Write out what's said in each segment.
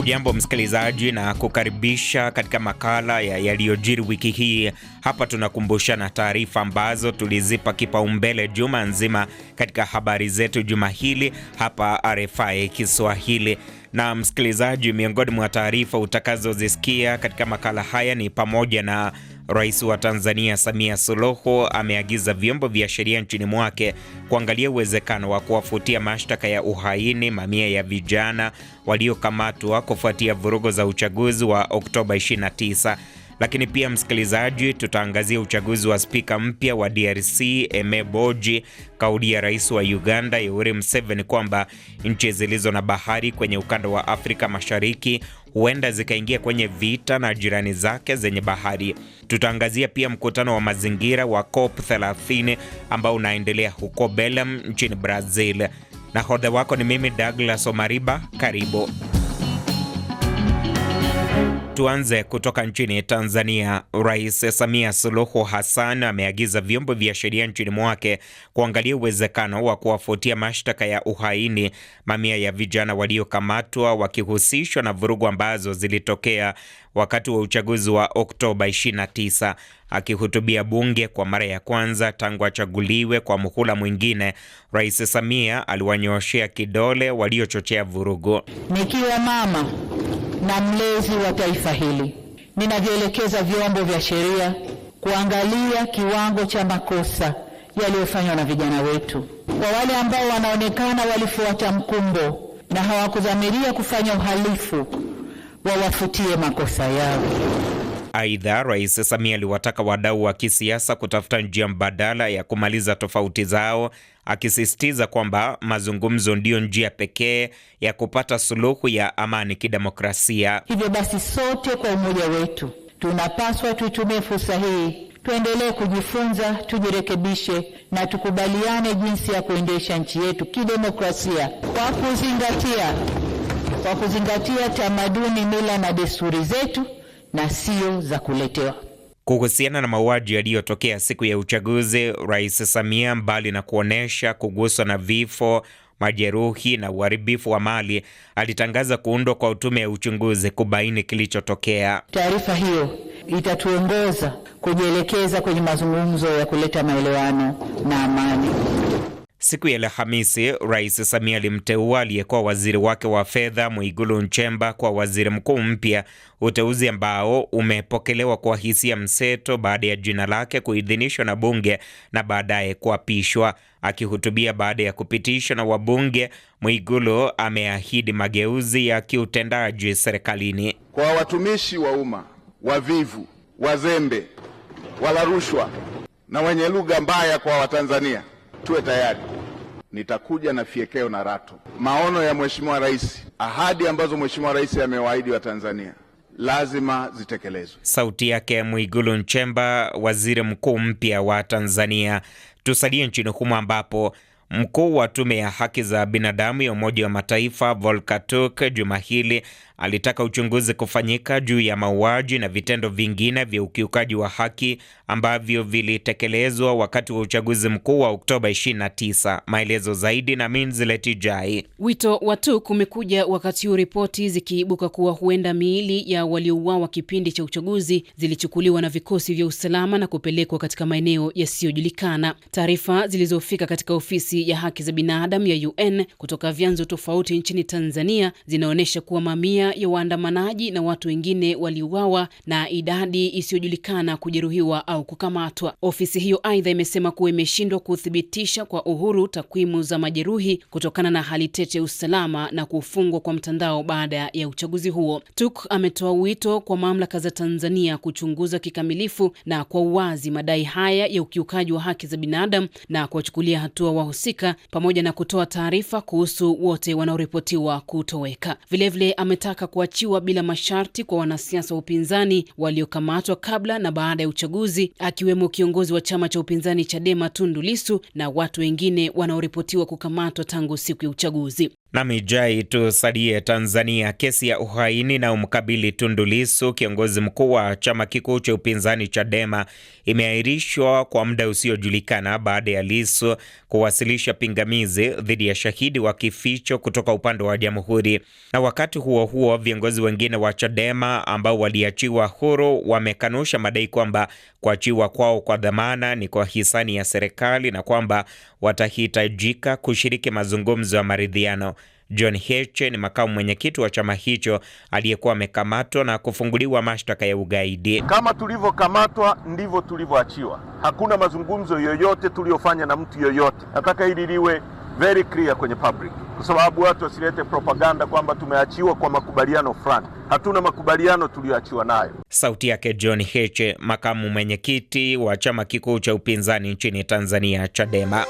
Hujambo msikilizaji, na kukaribisha katika makala ya yaliyojiri wiki hii. Hapa tunakumbushana taarifa ambazo tulizipa kipaumbele juma nzima katika habari zetu juma hili hapa RFI Kiswahili. Na msikilizaji, miongoni mwa taarifa utakazozisikia katika makala haya ni pamoja na Rais wa Tanzania Samia Suluhu ameagiza vyombo vya sheria nchini mwake kuangalia uwezekano wa kuwafutia mashtaka ya uhaini mamia ya vijana waliokamatwa kufuatia vurugo za uchaguzi wa Oktoba 29. Lakini pia msikilizaji, tutaangazia uchaguzi wa spika mpya wa DRC Eme Boji, kauli ya rais wa Uganda Yoweri Museveni kwamba nchi zilizo na bahari kwenye ukanda wa Afrika Mashariki huenda zikaingia kwenye vita na jirani zake zenye bahari. Tutaangazia pia mkutano wa mazingira wa COP 30 ambao unaendelea huko Belem nchini Brazil. Nahodha wako ni mimi Douglas Omariba, karibu. Tuanze kutoka nchini Tanzania. Rais Samia Suluhu Hassan ameagiza vyombo vya sheria nchini mwake kuangalia uwezekano wa kuwafutia mashtaka ya uhaini mamia ya vijana waliokamatwa wakihusishwa na vurugu ambazo zilitokea wakati wa uchaguzi wa Oktoba 29. Akihutubia bunge kwa mara ya kwanza tangu achaguliwe kwa muhula mwingine, Rais Samia aliwanyooshea kidole waliochochea vurugu. Nikiwa mama na mlezi wa taifa hili. Ninavyoelekeza vyombo vya sheria kuangalia kiwango cha makosa yaliyofanywa na vijana wetu. Kwa wale ambao wanaonekana walifuata mkumbo na hawakudhamiria kufanya uhalifu, wawafutie makosa yao. Aidha, Rais Samia aliwataka wadau wa kisiasa kutafuta njia mbadala ya kumaliza tofauti zao, akisisitiza kwamba mazungumzo ndiyo njia pekee ya kupata suluhu ya amani kidemokrasia. Hivyo basi, sote kwa umoja wetu tunapaswa tuitumie fursa hii tuendelee kujifunza, tujirekebishe na tukubaliane jinsi ya kuendesha nchi yetu kidemokrasia kwa kuzingatia, kwa kuzingatia tamaduni, mila na desturi zetu na sio za kuletewa. Kuhusiana na mauaji yaliyotokea siku ya uchaguzi, Rais Samia, mbali na kuonyesha kuguswa na vifo, majeruhi na uharibifu wa mali, alitangaza kuundwa kwa tume ya uchunguzi kubaini kilichotokea. Taarifa hiyo itatuongoza kujielekeza kwenye mazungumzo ya kuleta maelewano na amani. Siku ya Alhamisi, Rais Samia alimteua aliyekuwa waziri wake wa fedha Mwigulu Nchemba kwa waziri mkuu mpya, uteuzi ambao umepokelewa kwa hisia mseto baada ya jina lake kuidhinishwa na bunge na baadaye kuapishwa. Akihutubia baada ya kupitishwa na wabunge, Mwigulu ameahidi mageuzi ya kiutendaji serikalini. Kwa watumishi wa umma wavivu, wazembe, wala rushwa na wenye lugha mbaya kwa Watanzania tuwe tayari. Nitakuja na fiekeo na rato, maono ya Mheshimiwa Rais, ahadi ambazo Mheshimiwa Rais amewaahidi Watanzania lazima zitekelezwe. Sauti yake Mwigulu Nchemba, waziri mkuu mpya wa Tanzania. Tusalie nchini humo ambapo Mkuu wa tume ya haki za binadamu ya Umoja wa Mataifa Volker Turk juma hili alitaka uchunguzi kufanyika juu ya mauaji na vitendo vingine vya ukiukaji wa haki ambavyo vilitekelezwa wakati wa uchaguzi mkuu wa Oktoba 29. Maelezo zaidi na Minzileti Jai. Wito wa Turk umekuja wakati huu ripoti zikiibuka kuwa huenda miili ya waliouawa kipindi cha uchaguzi zilichukuliwa na vikosi vya usalama na kupelekwa katika maeneo yasiyojulikana. Taarifa zilizofika katika ofisi ya haki za binadamu ya UN kutoka vyanzo tofauti nchini Tanzania zinaonyesha kuwa mamia ya waandamanaji na watu wengine waliuawa na idadi isiyojulikana kujeruhiwa au kukamatwa. Ofisi hiyo aidha imesema kuwa imeshindwa kuthibitisha kwa uhuru takwimu za majeruhi kutokana na hali tete ya usalama na kufungwa kwa mtandao baada ya uchaguzi huo. Tuk ametoa wito kwa mamlaka za Tanzania kuchunguza kikamilifu na kwa uwazi madai haya ya ukiukaji wa haki za binadamu na kuwachukulia hatua wahusika husika pamoja na kutoa taarifa kuhusu wote wanaoripotiwa kutoweka. Vilevile ametaka kuachiwa bila masharti kwa wanasiasa wa upinzani waliokamatwa kabla na baada ya uchaguzi, akiwemo kiongozi wa chama cha upinzani Chadema Tundu Lissu na watu wengine wanaoripotiwa kukamatwa tangu siku ya uchaguzi. Na mijai tusalie Tanzania. Kesi ya uhaini na umkabili Tundu Lissu, kiongozi mkuu wa chama kikuu cha upinzani Chadema, imeahirishwa kwa muda usiojulikana baada ya Lissu kuwasilisha pingamizi dhidi ya shahidi wa kificho kutoka upande wa jamhuri. Na wakati huo huo, viongozi wengine wa Chadema ambao waliachiwa huru wamekanusha madai kwamba kuachiwa kwao kwa dhamana ni kwa hisani ya serikali na kwamba watahitajika kushiriki mazungumzo ya maridhiano. John Heche ni makamu mwenyekiti wa chama hicho aliyekuwa amekamatwa na kufunguliwa mashtaka ya ugaidi. Kama tulivyokamatwa ndivyo tulivyoachiwa. Hakuna mazungumzo yoyote tuliyofanya na mtu yoyote. Nataka hili liwe very clear kwenye public, kwa sababu watu wasilete propaganda kwamba tumeachiwa kwa makubaliano fulani. Hatuna makubaliano tuliyoachiwa nayo. Sauti yake John Heche, makamu mwenyekiti wa chama kikuu cha upinzani nchini Tanzania, Chadema.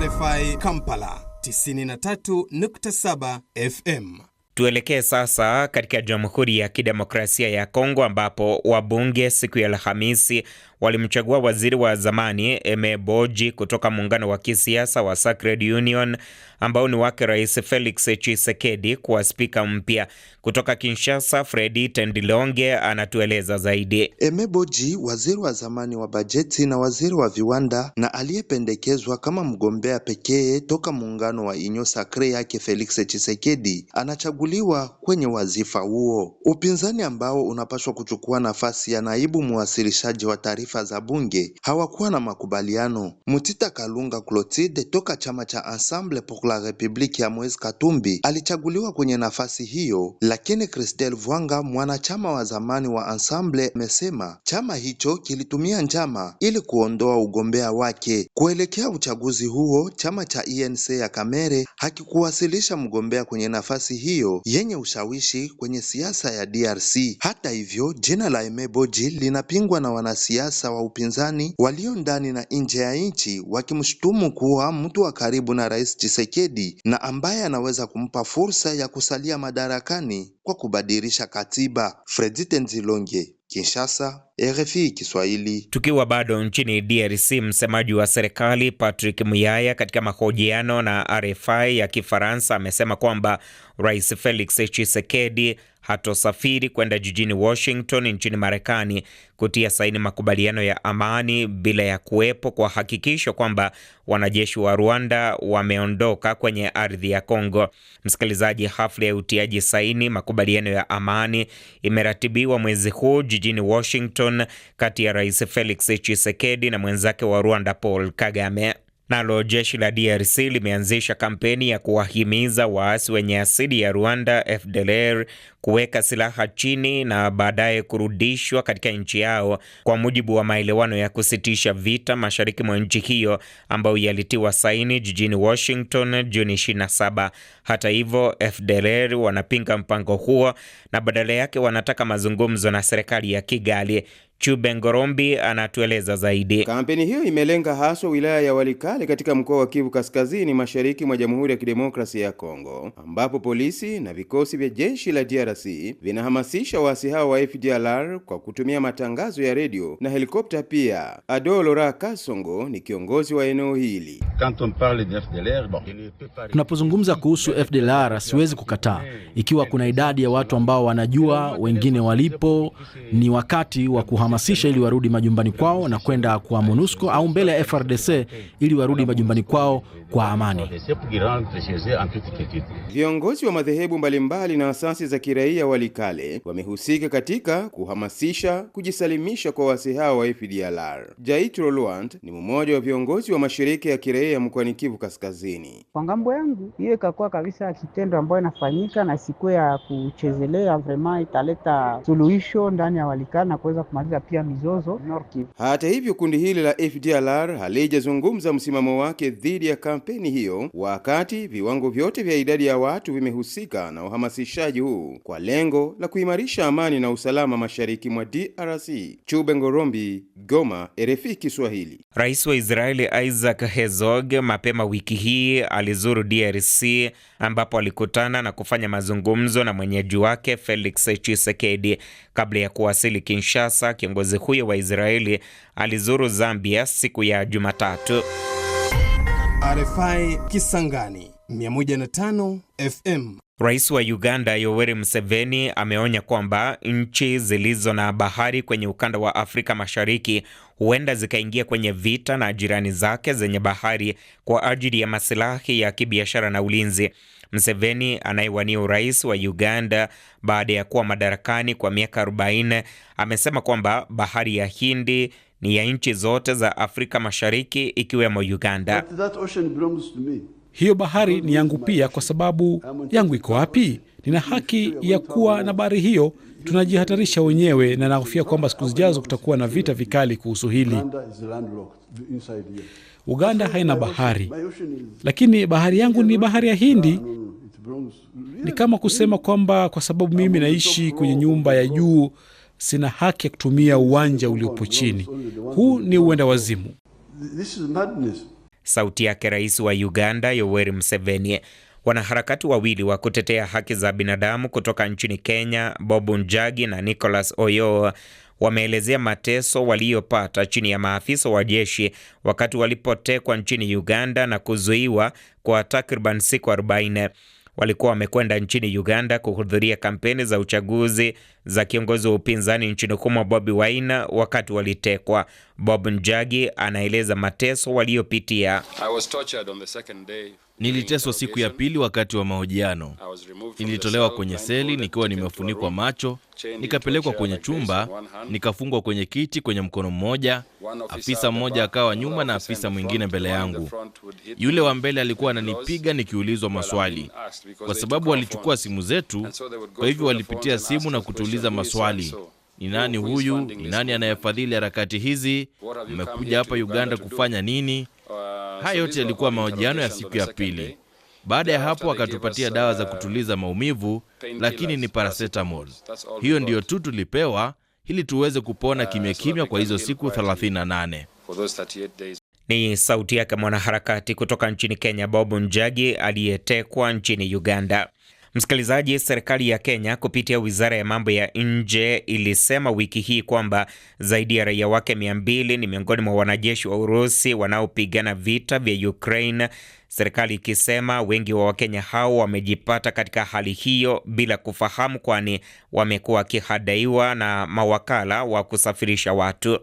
RFI Kampala 93.7 FM. Tuelekee sasa katika Jamhuri ya Kidemokrasia ya Kongo ambapo wabunge siku ya Alhamisi walimchagua waziri wa zamani Boji kutoka muungano wa kisiasa wa Sacred Union ambao ni wake Rais Felix chisekedi kuwa spika mpya. Kutoka Kinshasa, Fredi Tendilonge anatueleza zaidi. Boji, waziri wa zamani wa bajeti na waziri wa viwanda na aliyependekezwa kama mgombea pekee toka muungano wa Inyo Sacre yake Felix chisekedi anachaguliwa kwenye wazifa huo. Upinzani ambao unapaswa kuchukua nafasi ya naibu mwasilishaji wa taarifa taarifa za bunge hawakuwa na makubaliano. Mutita Kalunga Clotilde toka chama cha Ensemble pour la Republique ya Moise Katumbi alichaguliwa kwenye nafasi hiyo, lakini Christel Vwanga, mwanachama wa zamani wa Ensemble, amesema chama hicho kilitumia njama ili kuondoa ugombea wake. Kuelekea uchaguzi huo, chama cha ENC ya Kamere hakikuwasilisha mgombea kwenye nafasi hiyo yenye ushawishi kwenye siasa ya DRC. Hata hivyo, jina la emeboji linapingwa na wanasiasa wanasiasa wa upinzani walio ndani na nje ya nchi wakimshutumu kuwa mtu wa karibu na Rais Tshisekedi na ambaye anaweza kumpa fursa ya kusalia madarakani kwa kubadilisha katiba. Fredite Tenzilonge, Kinshasa, RFI Kiswahili. Tukiwa bado nchini DRC, msemaji wa serikali Patrick Muyaya katika mahojiano na RFI ya Kifaransa amesema kwamba Rais Felix Tshisekedi hatosafiri kwenda jijini Washington nchini Marekani kutia saini makubaliano ya amani bila ya kuwepo kwa hakikisho kwamba wanajeshi wa Rwanda wameondoka kwenye ardhi ya Kongo. Msikilizaji, hafla ya utiaji saini makubaliano ya amani imeratibiwa mwezi huu jijini Washington kati ya Rais Felix Tshisekedi na mwenzake wa Rwanda Paul Kagame. Nalo jeshi la DRC limeanzisha kampeni ya kuwahimiza waasi wenye asili ya Rwanda FDLR kuweka silaha chini na baadaye kurudishwa katika nchi yao kwa mujibu wa maelewano ya kusitisha vita mashariki mwa nchi hiyo ambayo yalitiwa saini jijini Washington Juni 27. Hata hivyo, FDLR wanapinga mpango huo na badala yake wanataka mazungumzo na serikali ya Kigali. Chube Ngorombi anatueleza zaidi. Kampeni hiyo imelenga haswa wilaya ya Walikale katika mkoa wa Kivu Kaskazini, mashariki mwa Jamhuri ya Kidemokrasia ya Kongo, ambapo polisi na vikosi vya jeshi la DRC vinahamasisha waasi hao wa FDLR kwa kutumia matangazo ya redio na helikopta. Pia Adolora Kasongo ni kiongozi wa eneo hili. Tunapozungumza kuhusu FDLR, siwezi kukataa ikiwa kuna idadi ya watu ambao wanajua wengine walipo, ni wakati wa kuwahamasisha ili warudi majumbani kwao na kwenda kwa MONUSCO au mbele ya FRDC ili warudi majumbani kwao kwa amani. Viongozi wa madhehebu mbalimbali na asasi za kiraia Walikale wamehusika katika kuhamasisha kujisalimisha kwa wasi hao wa FDLR. Jaitro Lwant ni mmoja wa viongozi wa mashirika ya kiraia mkoani Kivu Kaskazini. Kwa ngambo yangu, hiyo ikakuwa kabisa kitendo ambayo inafanyika na siku ya kuchezelea, vraiment italeta suluhisho ndani ya Walikale na kuweza kumaliza na pia mizozo Kivu. Hata hivyo, kundi hili la FDLR halijazungumza msimamo wake dhidi ya kampeni hiyo, wakati viwango vyote vya idadi ya watu vimehusika na uhamasishaji huu kwa lengo la kuimarisha amani na usalama mashariki mwa DRC. Chube Ngorombi, Goma, RFI Kiswahili. Rais wa Israeli Isaac Herzog mapema wiki hii alizuru DRC ambapo alikutana na kufanya mazungumzo na mwenyeji wake Felix Tshisekedi kabla ya kuwasili Kinshasa kiongozi huyo wa Israeli alizuru Zambia siku ya Jumatatu. RFI Kisangani 105 FM. Rais wa Uganda Yoweri Museveni ameonya kwamba nchi zilizo na bahari kwenye ukanda wa Afrika Mashariki huenda zikaingia kwenye vita na jirani zake zenye bahari kwa ajili ya masilahi ya kibiashara na ulinzi. Mseveni anayewania urais wa Uganda baada ya kuwa madarakani kwa miaka 40 amesema kwamba bahari ya Hindi ni ya nchi zote za Afrika Mashariki ikiwemo Uganda. Hiyo bahari ni yangu pia, kwa sababu yangu iko wapi? Nina haki ya kuwa na bahari hiyo, Tunajihatarisha wenyewe na nahofia kwamba siku zijazo kutakuwa na vita vikali kuhusu hili. Uganda haina bahari, lakini bahari yangu ni bahari ya Hindi. Ah, ni kama kusema kwamba kwa sababu mimi naishi kwenye nyumba ya juu, sina haki ya kutumia uwanja uliopo chini. Huu ni uenda wazimu. Sauti yake Rais wa Uganda Yoweri mseveni Wanaharakati wawili wa kutetea haki za binadamu kutoka nchini Kenya, Bob Njagi na Nicholas Oyoo wameelezea mateso waliyopata chini ya maafisa wa jeshi wakati walipotekwa nchini Uganda na kuzuiwa kwa takriban siku 40. Walikuwa wamekwenda nchini Uganda kuhudhuria kampeni za uchaguzi za kiongozi wa upinzani nchini humo Bobi waina wakati walitekwa. Bob Njagi anaeleza mateso waliyopitia. Niliteswa siku ya pili wakati wa mahojiano. Nilitolewa kwenye seli nikiwa nimefunikwa macho, nikapelekwa kwenye chumba, nikafungwa kwenye kiti kwenye mkono mmoja, afisa mmoja akawa nyuma na afisa mwingine mbele yangu. Yule wa mbele alikuwa ananipiga nikiulizwa maswali, kwa sababu walichukua simu zetu, kwa hivyo walipitia simu na kutuliza kuuliza maswali. Ni nani huyu? Ni nani anayefadhili harakati hizi? Mmekuja hapa Uganda kufanya nini? Uh, Haya yote yalikuwa mahojiano ya siku ya pili. Baada ya hapo akatupatia dawa za uh, kutuliza maumivu, lakini ni paracetamol. Hiyo ndiyo tu tulipewa ili tuweze kupona uh, kimya kimya kwa hizo siku 38. Ni sauti yake mwanaharakati kutoka nchini Kenya, Bob Njagi, aliyetekwa nchini Uganda. Msikilizaji, serikali ya Kenya kupitia wizara ya mambo ya nje ilisema wiki hii kwamba zaidi ya raia wake mia mbili ni miongoni mwa wanajeshi wa Urusi wanaopigana vita vya Ukraine, serikali ikisema wengi wa Wakenya hao wamejipata katika hali hiyo bila kufahamu, kwani wamekuwa wakihadaiwa na mawakala wa kusafirisha watu.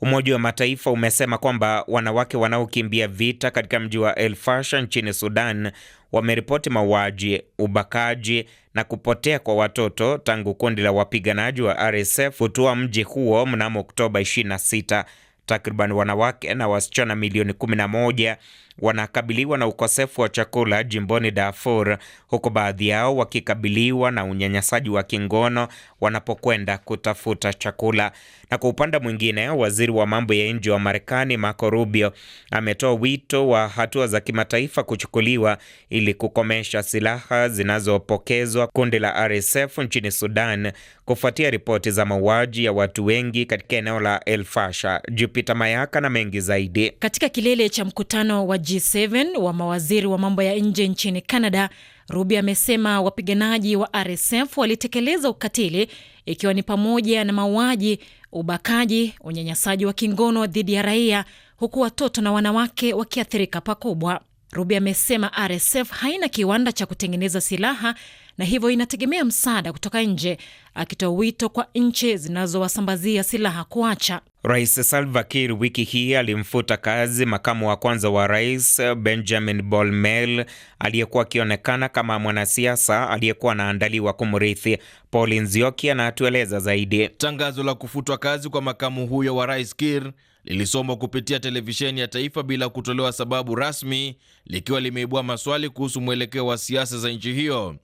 Umoja wa Mataifa umesema kwamba wanawake wanaokimbia vita katika mji wa El Fasha nchini Sudan wameripoti mauaji, ubakaji na kupotea kwa watoto tangu kundi la wapiganaji wa RSF kutua mji huo mnamo Oktoba 26. Takriban wanawake na wasichana milioni 11 wanakabiliwa na ukosefu wa chakula jimboni Darfur, huku baadhi yao wakikabiliwa na unyanyasaji wa kingono wanapokwenda kutafuta chakula. Na kwa upande mwingine, waziri wa mambo ya nje wa Marekani Marco Rubio ametoa wito wa hatua za kimataifa kuchukuliwa ili kukomesha silaha zinazopokezwa kundi la RSF nchini Sudan kufuatia ripoti za mauaji ya watu wengi katika eneo la El Fasher. Jupita Mayaka na mengi zaidi katika kilele cha mkutano wa G7 wa mawaziri wa mambo ya nje nchini Canada, Ruby amesema wapiganaji wa RSF walitekeleza ukatili ikiwa ni pamoja na mauaji, ubakaji, unyanyasaji wa kingono dhidi ya raia, huku watoto na wanawake wakiathirika pakubwa. Rubi amesema RSF haina kiwanda cha kutengeneza silaha na hivyo inategemea msaada kutoka nje, akitoa wito kwa nchi zinazowasambazia silaha kuacha. Rais Salva Kiir wiki hii alimfuta kazi makamu wa kwanza wa rais eh, Benjamin Bolmel aliyekuwa akionekana kama mwanasiasa aliyekuwa anaandaliwa kumrithi. Paul Nzioki anatueleza zaidi. Tangazo la kufutwa kazi kwa makamu huyo wa rais Kiir lilisomwa kupitia televisheni ya taifa bila kutolewa sababu rasmi, likiwa limeibua maswali kuhusu mwelekeo wa siasa za nchi hiyo.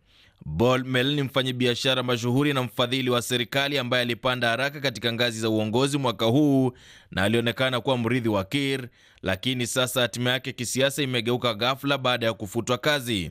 Bolmel ni mfanyabiashara mashuhuri na mfadhili wa serikali ambaye alipanda haraka katika ngazi za uongozi mwaka huu na alionekana kuwa mrithi wa kir lakini sasa hatima yake kisiasa imegeuka ghafla baada ya kufutwa kazi.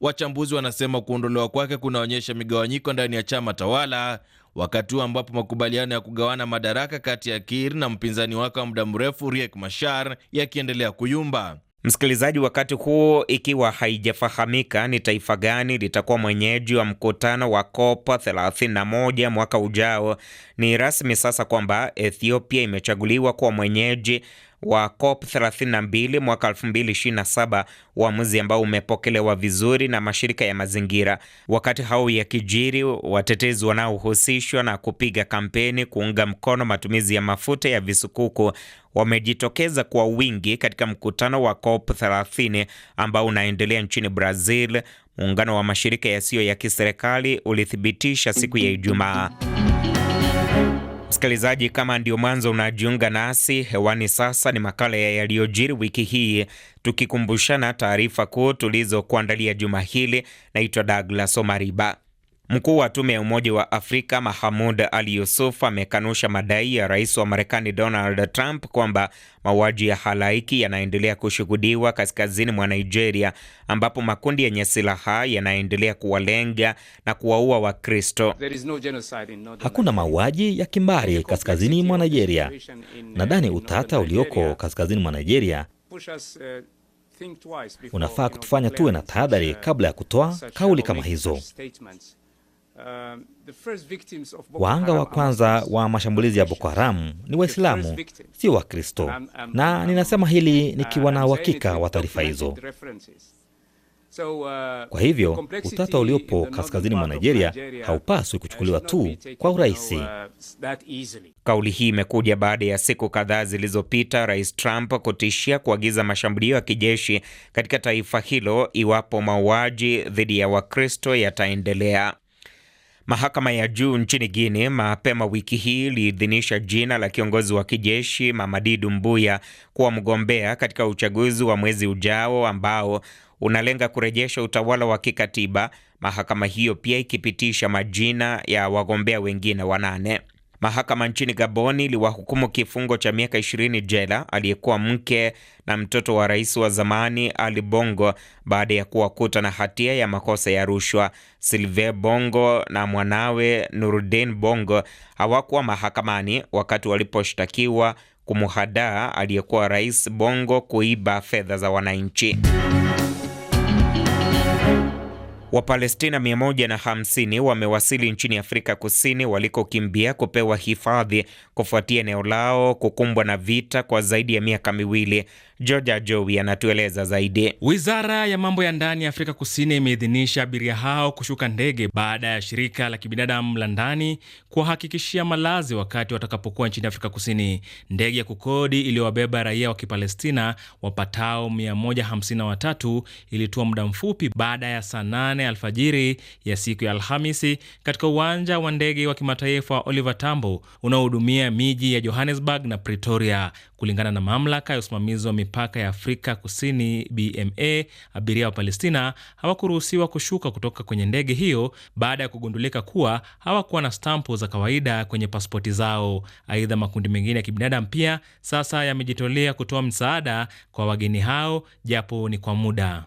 Wachambuzi wanasema kuondolewa kwake kunaonyesha migawanyiko ndani ya chama tawala, wakati huu ambapo makubaliano ya kugawana madaraka kati ya Kiir na mpinzani wake wa muda mrefu Riek Machar yakiendelea kuyumba. Msikilizaji, wakati huo ikiwa haijafahamika ni taifa gani litakuwa mwenyeji wa mkutano wa COP 31 mwaka ujao, ni rasmi sasa kwamba Ethiopia imechaguliwa kuwa mwenyeji wa COP 32 mwaka 2027, uamuzi ambao umepokelewa vizuri na mashirika ya mazingira. Wakati hao ya kijiri, watetezi wanaohusishwa na kupiga kampeni kuunga mkono matumizi ya mafuta ya visukuku wamejitokeza kwa wingi katika mkutano wa COP 30 ambao unaendelea nchini Brazil. Muungano wa mashirika yasiyo ya, ya kiserikali ulithibitisha siku ya Ijumaa Msikilizaji, kama ndio mwanzo unajiunga nasi hewani, sasa ni makala ya yaliyojiri wiki hii, tukikumbushana taarifa kuu tulizokuandalia juma hili. Naitwa Douglas Omariba. Mkuu wa tume ya Umoja wa Afrika Mahamud Ali Yusuf amekanusha madai ya rais wa Marekani Donald Trump kwamba mauaji ya halaiki yanaendelea kushuhudiwa kaskazini mwa Nigeria, ambapo makundi yenye ya silaha yanaendelea kuwalenga na kuwaua Wakristo. Hakuna mauaji ya kimbari uh, kaskazini mwa Nigeria. Nadhani utata ulioko kaskazini mwa Nigeria unafaa kutufanya tuwe na tahadhari uh, kabla ya kutoa kauli kama hizo. Uh, waanga wa kwanza wa mashambulizi ya Boko Haramu ni Waislamu, sio Wakristo, na ninasema hili nikiwa na uhakika wa taarifa hizo. Uh, kwa hivyo utata uliopo kaskazini mwa Nigeria haupaswi kuchukuliwa tu kwa urahisi. Uh, Kauli hii imekuja baada ya siku kadhaa zilizopita Rais Trump kutishia kuagiza mashambulio ya kijeshi katika taifa hilo iwapo mauaji dhidi ya Wakristo yataendelea. Mahakama ya juu nchini Guinea mapema wiki hii iliidhinisha jina la kiongozi wa kijeshi Mamadi mbuya kuwa mgombea katika uchaguzi wa mwezi ujao ambao unalenga kurejesha utawala wa kikatiba, mahakama hiyo pia ikipitisha majina ya wagombea wengine wanane. Mahakama nchini Gaboni iliwahukumu kifungo cha miaka 20 jela aliyekuwa mke na mtoto wa rais wa zamani Ali Bongo baada ya kuwakuta na hatia ya makosa ya rushwa. Silve Bongo na mwanawe Nurudin Bongo hawakuwa mahakamani wakati waliposhtakiwa kumuhadaa aliyekuwa rais Bongo kuiba fedha za wananchi. Wapalestina 150 wamewasili nchini Afrika Kusini walikokimbia kupewa hifadhi kufuatia eneo lao kukumbwa na vita kwa zaidi ya miaka miwili. Georgia Jowi anatueleza zaidi. Wizara ya mambo ya ndani ya Afrika Kusini imeidhinisha abiria hao kushuka ndege baada ya shirika la kibinadamu la ndani kuwahakikishia malazi wakati watakapokuwa nchini Afrika Kusini. Ndege ya kukodi iliyowabeba raia wa Kipalestina wapatao 153 ilitua muda mfupi baada ya saa 8 alfajiri ya siku ya Alhamisi katika uwanja wa ndege wa kimataifa wa Oliver Tambo unaohudumia miji ya Johannesburg na Pretoria, kulingana na mamlaka ya usimamizi wa mipaka ya Afrika Kusini BMA, abiria wa Palestina hawakuruhusiwa kushuka kutoka kwenye ndege hiyo baada ya kugundulika kuwa hawakuwa na stampu za kawaida kwenye pasipoti zao. Aidha, makundi mengine ya kibinadamu pia sasa yamejitolea kutoa msaada kwa wageni hao, japo ni kwa muda.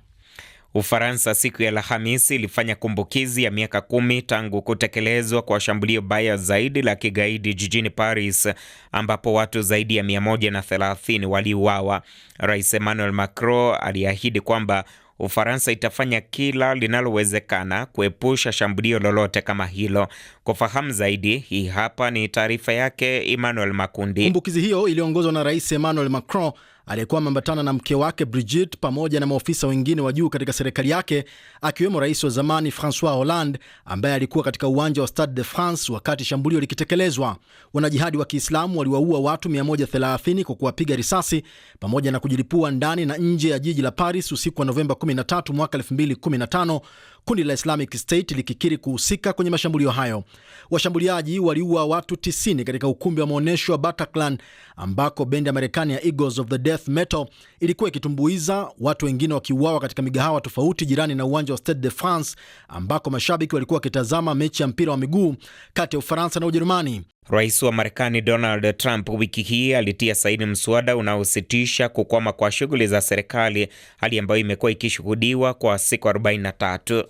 Ufaransa siku ya Alhamisi ilifanya kumbukizi ya miaka kumi tangu kutekelezwa kwa shambulio baya zaidi la kigaidi jijini Paris ambapo watu zaidi ya 130 waliuawa. Rais Emmanuel Macron aliahidi kwamba Ufaransa itafanya kila linalowezekana kuepusha shambulio lolote kama hilo. Kufahamu zaidi, hii hapa ni taarifa yake Emmanuel Makundi. Kumbukizi hiyo iliongozwa na Rais Emmanuel Macron aliyekuwa ameambatana na mke wake Brigitte pamoja na maofisa wengine wa juu katika serikali yake akiwemo rais wa zamani Francois Hollande ambaye alikuwa katika uwanja wa Stade de France wakati shambulio likitekelezwa. Wanajihadi wa Kiislamu waliwaua watu 130 kwa kuwapiga risasi pamoja na kujilipua ndani na nje ya jiji la Paris usiku wa Novemba 13 mwaka 2015 kundi la Islamic State likikiri kuhusika kwenye mashambulio hayo. Washambuliaji waliua watu 90 katika ukumbi wa maonyesho wa Bataclan ambako bendi ya Marekani ya Eagles of the Death Metal ilikuwa ikitumbuiza, watu wengine wakiuawa katika migahawa tofauti jirani na uwanja wa Stade de France ambako mashabiki walikuwa wakitazama mechi ya mpira wa miguu kati ya Ufaransa na Ujerumani. Rais wa Marekani Donald Trump wiki hii alitia saini mswada unaositisha kukwama kwa shughuli za serikali, hali ambayo imekuwa ikishuhudiwa kwa siku 43.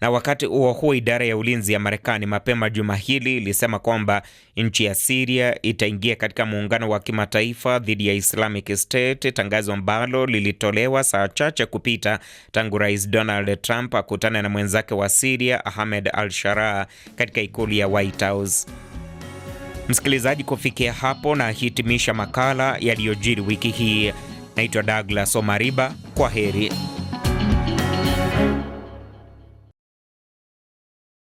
Na wakati huo huo, idara ya ulinzi ya Marekani mapema juma hili ilisema kwamba nchi ya Siria itaingia katika muungano wa kimataifa dhidi ya Islamic State, tangazo ambalo lilitolewa saa chache kupita tangu Rais Donald Trump akutane na mwenzake wa Siria Ahmed al-Sharaa katika ikulu ya White House. Msikilizaji, kufikia hapo na hitimisha makala yaliyojiri wiki hii. Naitwa Douglas Omariba, kwa heri.